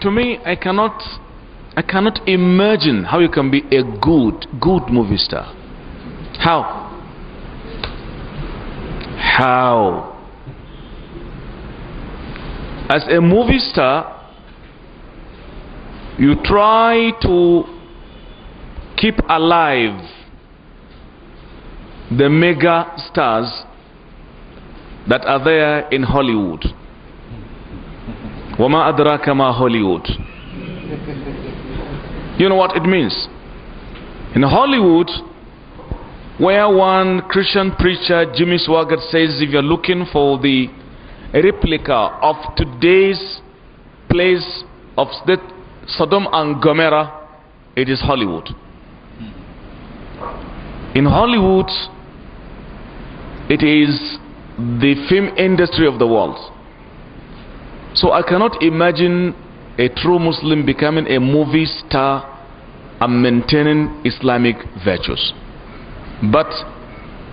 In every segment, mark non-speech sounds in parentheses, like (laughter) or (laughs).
to me, I cannot, I cannot imagine how you can be a good, good movie star. How? How? As a movie star, you try to keep alive the mega stars that are there in Hollywood. وَمَا أَدْرَاكَ مَا Hollywood. You know what it means? In Hollywood, where one Christian preacher, Jimmy Swaggart, says if you're looking for the replica of today's place of Sodom and Gomorrah, it is Hollywood. In Hollywood, it is the film industry of the world. So I cannot imagine a true Muslim becoming a movie star and maintaining Islamic virtues. But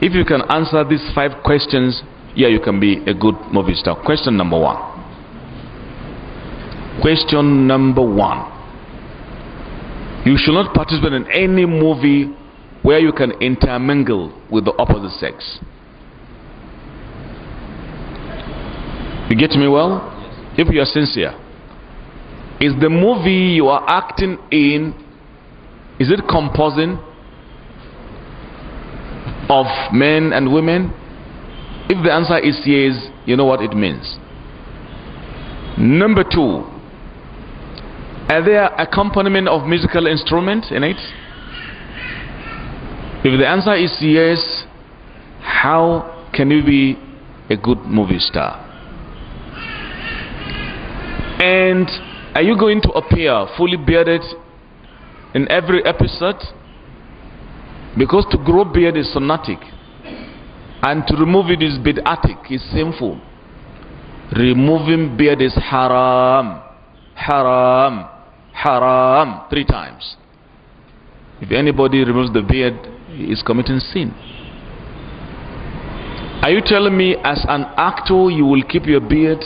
if you can answer these five questions, yeah, you can be a good movie star. Question number one. Question number one. You should not participate in any movie where you can intermingle with the opposite sex. You get me well? if you are sincere. Is the movie you are acting in, is it composing of men and women? If the answer is yes, you know what it means. Number two, are there accompaniment of musical instrument in it? If the answer is yes, how can you be a good movie star? And are you going to appear fully bearded in every episode? Because to grow beard is sunnatic and to remove it is bid'atic, is sinful. Removing beard is haram, haram, haram, three times. If anybody removes the beard, he is committing sin. Are you telling me as an actor you will keep your beard?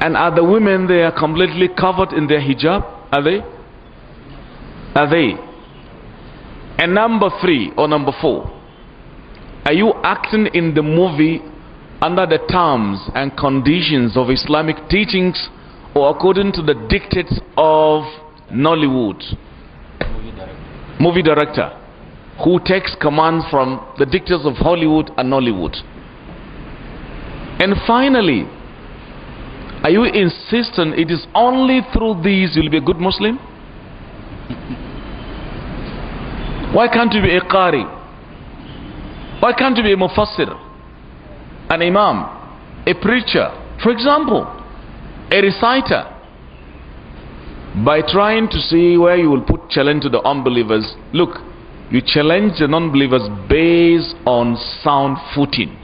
And are the women there completely covered in their hijab? Are they? Are they? And number three or number four, are you acting in the movie under the terms and conditions of Islamic teachings or according to the dictates of Nollywood? Movie director. Movie director who takes command from the dictators of Hollywood and Nollywood. And finally, are you insisting it is only through these you'll be a good Muslim? Why can't you be a Qari? Why can't you be a Mufassir? An Imam? A preacher? For example, a reciter? By trying to see where you will put challenge to the unbelievers, look, you challenge the non-believers based on sound footing,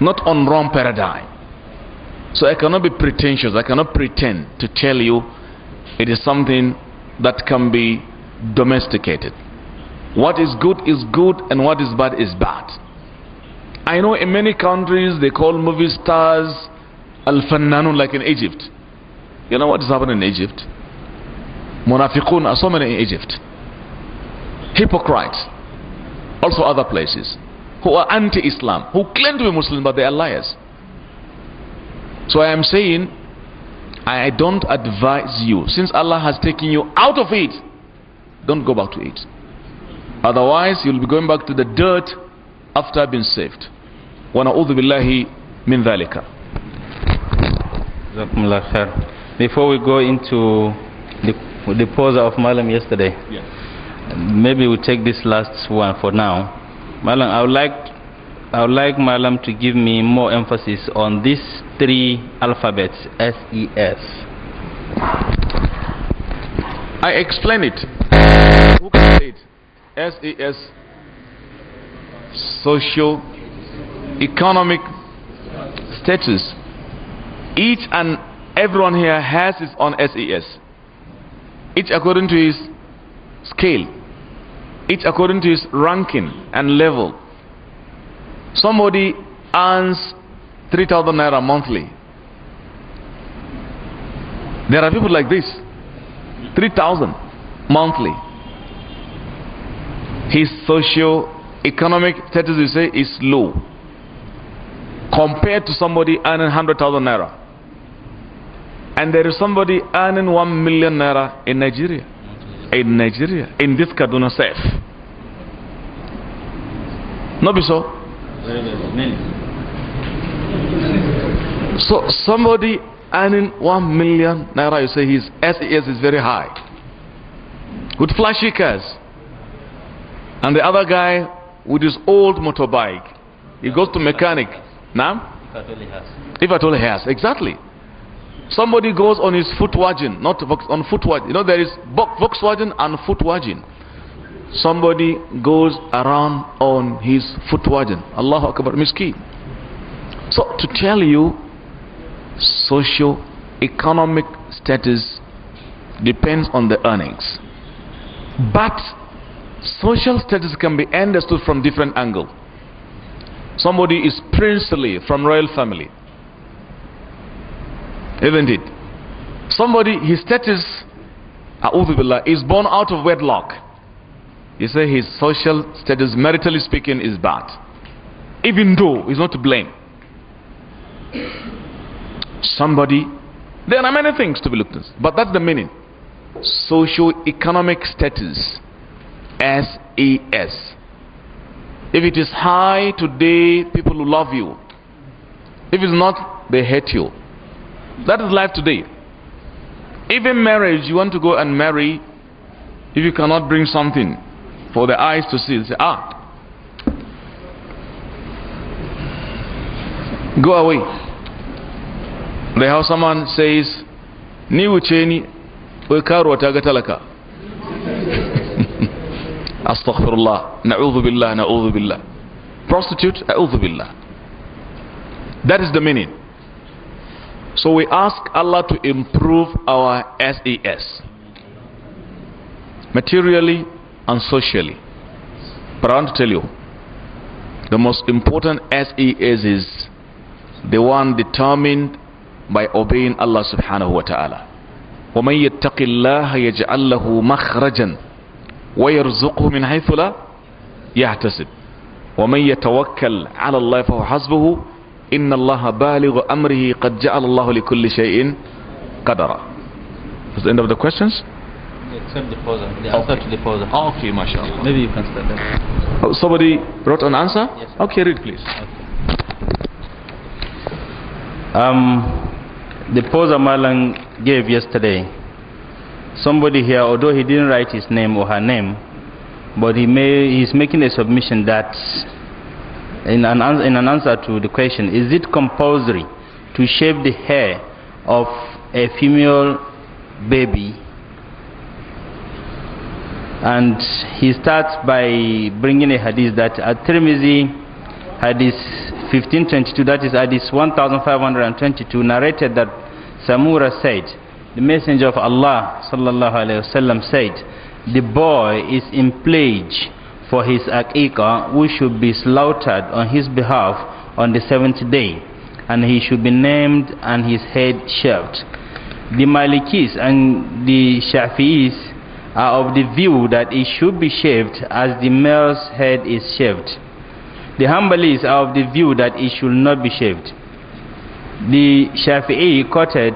not on wrong paradigm. So I cannot be pretentious. I cannot pretend to tell you it is something that can be domesticated. What is good is good and what is bad is bad. I know in many countries they call movie stars Al-Fannanun like in Egypt. You know what is happening in Egypt? Munafiqun are so many in Egypt. Hypocrites. Also other places. Who are anti-Islam. Who claim to be Muslim but they are liars. So I am saying, I don't advise you, since Allah has taken you out of it, don't go back to it. Otherwise, you'll be going back to the dirt after being saved. وَنَعُوذُ بِاللَّهِ مِنْ ذَلِكَ Before we go into the, the pose of Malam yesterday, yes. maybe we'll take this last one for now. Malam, I would like I would like Malam to give me more emphasis on this three alphabets S E S. I explain it. Who can say it? SES social economic status. Each and everyone here has his own SES. Each according to his scale. Each according to his ranking and level. Somebody earns 3,000 naira monthly. There are people like this. 3,000 monthly. His socio-economic status, you say, is low. Compared to somebody earning 100,000 naira. And there is somebody earning 1 million naira in Nigeria. In Nigeria. In this Kaduna safe. No be so? So somebody earning one million naira, you say his SES is very high. With flashy cars. And the other guy with his old motorbike. He goes to mechanic. Now? If at all he has. Exactly. Somebody goes on his Volkswagen, not on Volkswagen. You know there is Volkswagen and Volkswagen. Somebody goes around on his Volkswagen. Allahu Akbar. Miskin. So to tell you, social economic status depends on the earnings. But social status can be understood from different angle. Somebody is princely from royal family. Isn't it? Somebody, his status, is born out of wedlock. You say his social status, maritally speaking, is bad. Even though he's not to blame somebody. There are many things to be looked at, but that's the meaning. Socio-economic status, S-E-S. If it is high today, people will love you. If it's not, they hate you. That is life today. Even marriage, you want to go and marry, if you cannot bring something for the eyes to see, say, ah, go away the Hausa says ni wuce ni wai karuwa ta ga talaka (laughs) astaghfirullah na'udhu billah na'udhu billah prostitute a'udhu billah that is the meaning so we ask Allah to improve our SES materially and socially but I want to tell you the most important SES is the one determined by obeying Allah subhanahu wa ta'ala. وَمَنْ يَتَّقِ اللَّهَ يَجْعَلْ لَهُ مَخْرَجًا وَيَرْزُقْهُ مِنْ حَيْثُ لَا يَحْتَسِبْ وَمَنْ يَتَوَكَّلْ عَلَى اللَّهِ فهو حَسْبُهُ إِنَّ اللَّهَ بَالِغُ أَمْرِهِ قَدْ جَعَلَ اللَّهُ لِكُلِّ شَيْءٍ قَدَرًا That's the end of the questions? Except the poser, the okay. answer to the poser. Okay, mashallah. Maybe you can start that. Oh, somebody wrote an answer? Yes. Sir. Okay, read please. Okay. Um, the pose Amalan gave yesterday. Somebody here, although he didn't write his name or her name, but he may, he's making a submission that, in an, in an answer to the question, is it compulsory to shave the hair of a female baby? And he starts by bringing a hadith that at Tirmizi, hadith 1522, that is Hadith 1522, narrated that Samura said, the Messenger of Allah sallallahu alayhi wasallam said, the boy is in pledge for his akika, which should be slaughtered on his behalf on the seventh day, and he should be named and his head shaved. The Malikis and the Shafi'is are of the view that it should be shaved as the male's head is shaved. The Hanbalis are of the view that it should not be shaved. The Shafi'i quoted,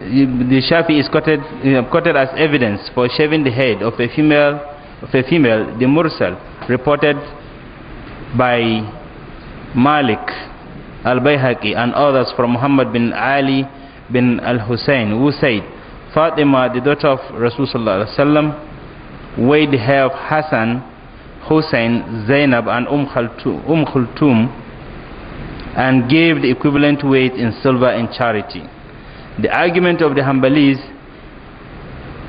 the Shafi'i is quoted, uh, quoted as evidence for shaving the head of a female, of a female, the Mursal, reported by Malik al-Bayhaqi and others from Muhammad bin Ali bin al-Hussein who said, Fatima, the daughter of Rasulullah weighed the hair of Hassan Hussein, Zainab, and Umm Khultum, um Khultum and gave the equivalent weight in silver in charity. The argument of the Hanbalis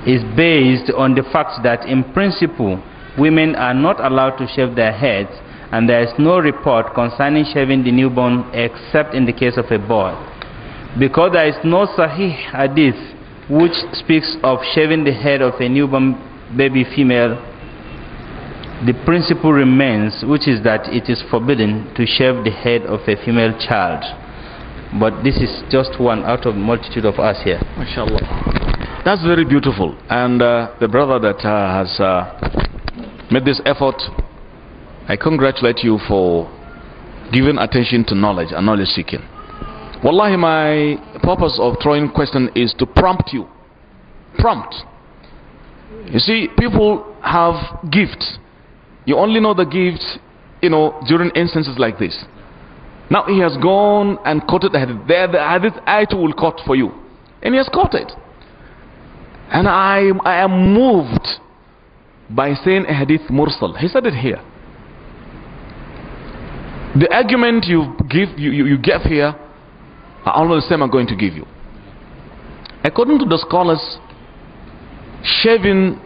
is based on the fact that in principle, women are not allowed to shave their heads and there is no report concerning shaving the newborn except in the case of a boy. Because there is no Sahih hadith which speaks of shaving the head of a newborn baby female the principle remains, which is that it is forbidden to shave the head of a female child. But this is just one out of multitude of us here. MashaAllah. That's very beautiful. And uh, the brother that uh, has uh, made this effort, I congratulate you for giving attention to knowledge and knowledge seeking. Wallahi, my purpose of throwing question is to prompt you. Prompt. You see, people have gifts you only know the gifts, you know, during instances like this. Now he has gone and quoted the hadith. There the hadith I too will quote for you. And he has quoted. And I, I am moved by saying a hadith mursal. He said it here. The argument you give you, you, you gave here are almost the same I'm going to give you. According to the scholars, shaving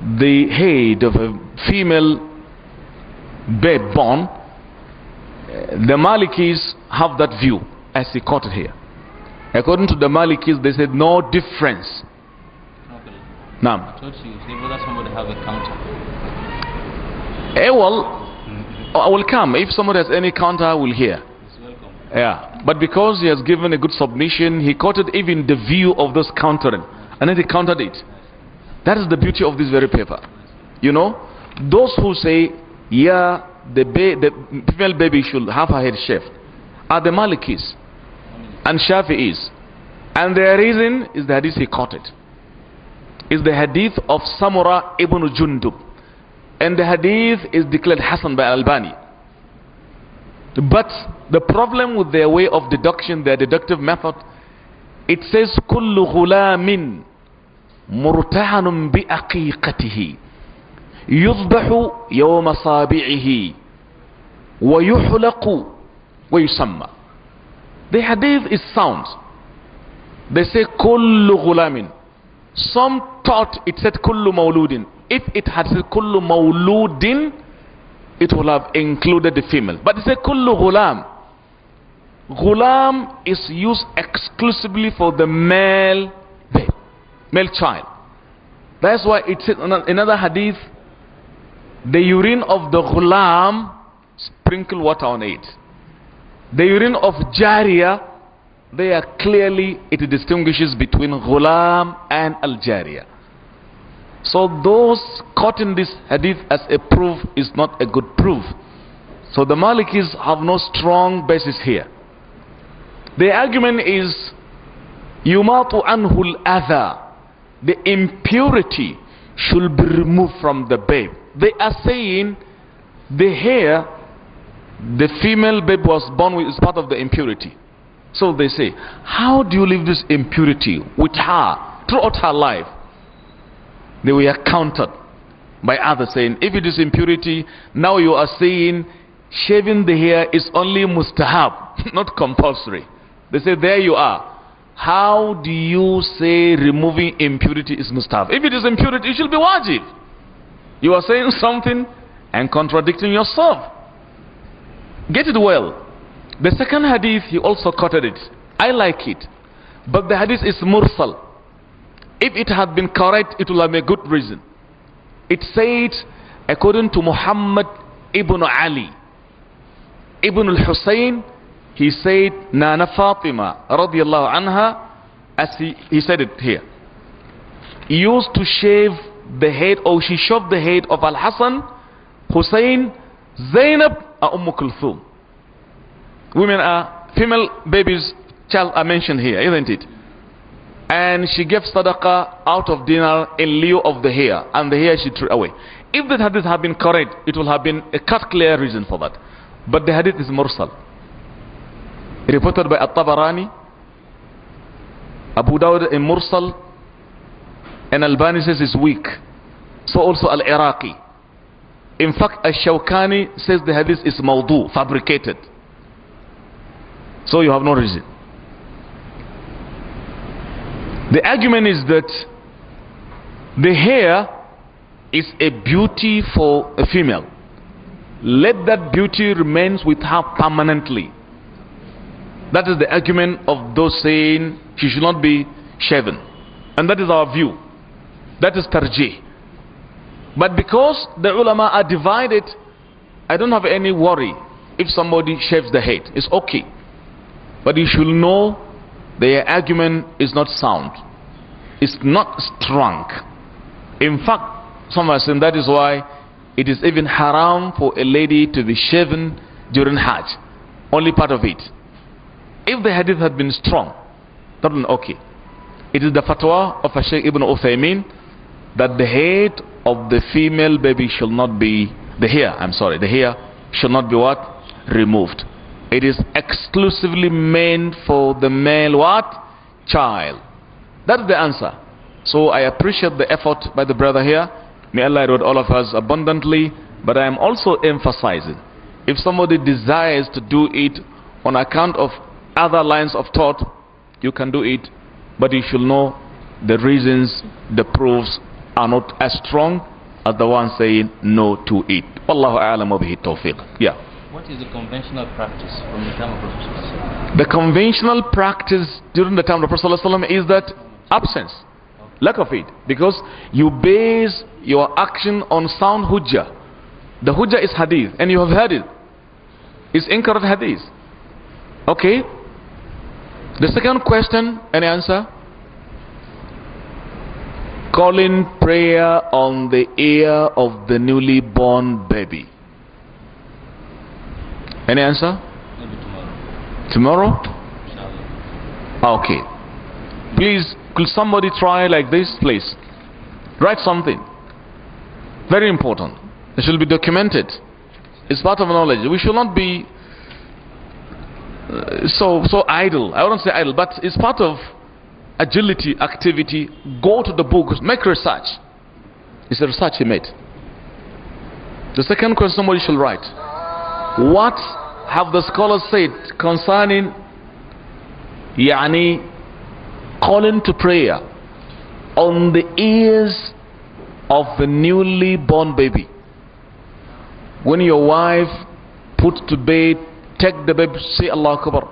the head of a female babe born, uh, the Malikis have that view as he quoted here. According to the Malikis, they said no difference. Okay. Now, I told you, whether somebody have a counter. Eh, well, I uh, will come. If somebody has any counter, I will hear. Yeah, but because he has given a good submission, he quoted even the view of those countering, and then he countered it. That is the beauty of this very paper. You know, those who say yeah, the, ba- the female baby should have her head shaved, are the Malikis and Shafi'is. And their reason is the hadith he quoted. Is the hadith of Samura ibn Jundub. And the hadith is declared Hassan by Albani. But the problem with their way of deduction, their deductive method, it says, كل غلام مرتهن بأقيقته يذبح يوم صابعه ويحلق ويسمى the hadith is sound they say كل غلام some thought it said كل مولود if it had said كل مولود it would have included the female but it said كل غلام Ghulam is used exclusively for the male male child. That's why it said in another hadith, the urine of the ghulam, sprinkle water on it. The urine of jariya, they are clearly, it distinguishes between ghulam and al jariya. So those quoting this hadith as a proof is not a good proof. So the Malikis have no strong basis here. The argument is yumatu anhul adha. The impurity should be removed from the babe they are saying the hair the female babe was born with is part of the impurity. So they say, how do you live this impurity with her throughout her life? They were countered by others saying, if it is impurity, now you are saying shaving the hair is only mustahab, (laughs) not compulsory. They say, there you are. How do you say removing impurity is mustahab? If it is impurity, it should be wajib. You are saying something and contradicting yourself. Get it well. The second hadith, he also quoted it. I like it. But the hadith is mursal. If it had been correct, it will have a good reason. It said, according to Muhammad ibn Ali, Ibn al-Hussein, he said, Nana Fatima, radiallahu anha, as he, he said it here, used to shave the head or she shoved the head of Al-Hassan, Hussein, Zainab, and Umm Kulthum. Women are female babies, child are mentioned here, isn't it? And she gave sadaqah out of dinar in lieu of the hair, and the hair she threw away. If the hadith had been correct, it would have been a cut clear reason for that. But the hadith is mursal. Reported by At-Tabarani, Abu Dawud in Mursal, and Albanese says it's weak. So also Al-Iraqi. In fact, Ash-Shawkani says the hadith is mawdu, fabricated. So you have no reason. The argument is that the hair is a beauty for a female. Let that beauty remains with her permanently. That is the argument of those saying she should not be shaven. And that is our view. That is tarjih. But because the ulama are divided, I don't have any worry if somebody shaves the head. It's okay. But you should know their argument is not sound. It's not strong. In fact, some are saying that is why it is even haram for a lady to be shaven during Hajj. Only part of it. If the hadith had been strong, that would okay. It is the fatwa of Sheikh Ibn Uthaymeen that the head of the female baby shall not be, the hair, I'm sorry, the hair shall not be what? Removed. It is exclusively meant for the male what? Child. That's the answer. So I appreciate the effort by the brother here. May Allah reward all of us abundantly. But I am also emphasizing, if somebody desires to do it on account of other lines of thought, you can do it. But you should know the reasons, the proofs, are not as strong as the one saying no to it. Wallahu a'lam wa bihi tawfiq. Yeah. What is the conventional practice from the time of Prophet The conventional practice during the time of Prophet is that absence, okay. lack of it. Because you base your action on sound hujjah. The hujjah is hadith and you have heard it. It's incorrect hadith. Okay? The second question, any answer? calling prayer on the ear of the newly born baby. Any answer? Maybe tomorrow. Tomorrow? Ah, okay. Please, could somebody try like this? Please. Write something. Very important. It should be documented. It's part of knowledge. We should not be uh, so so idle. I wouldn't say idle, but it's part of agility activity, go to the books, make research. It's a research he made. The second question somebody should write. What have the scholars said concerning Yani calling to prayer on the ears of the newly born baby? When your wife put to bed, take the baby, say Allah Akbar.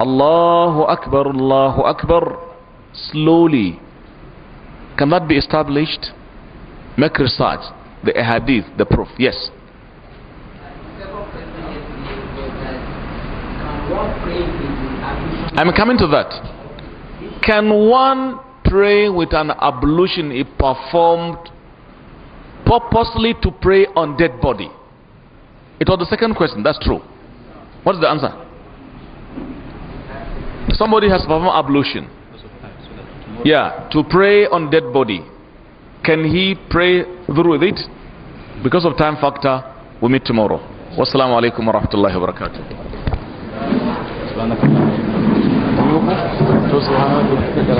Allahu Akbar, Allahu Akbar slowly. Can that be established? Make research, the hadith, the proof. Yes. I'm coming to that. Can one pray with an ablution if performed purposely to pray on dead body? It was the second question. That's true. What's the answer? Somebody has performed ablution. Yeah, to pray on dead body. Can he pray through with it? Because of time factor, we meet tomorrow. Wassalamu alaikum wa rahmatullahi wa barakatuh.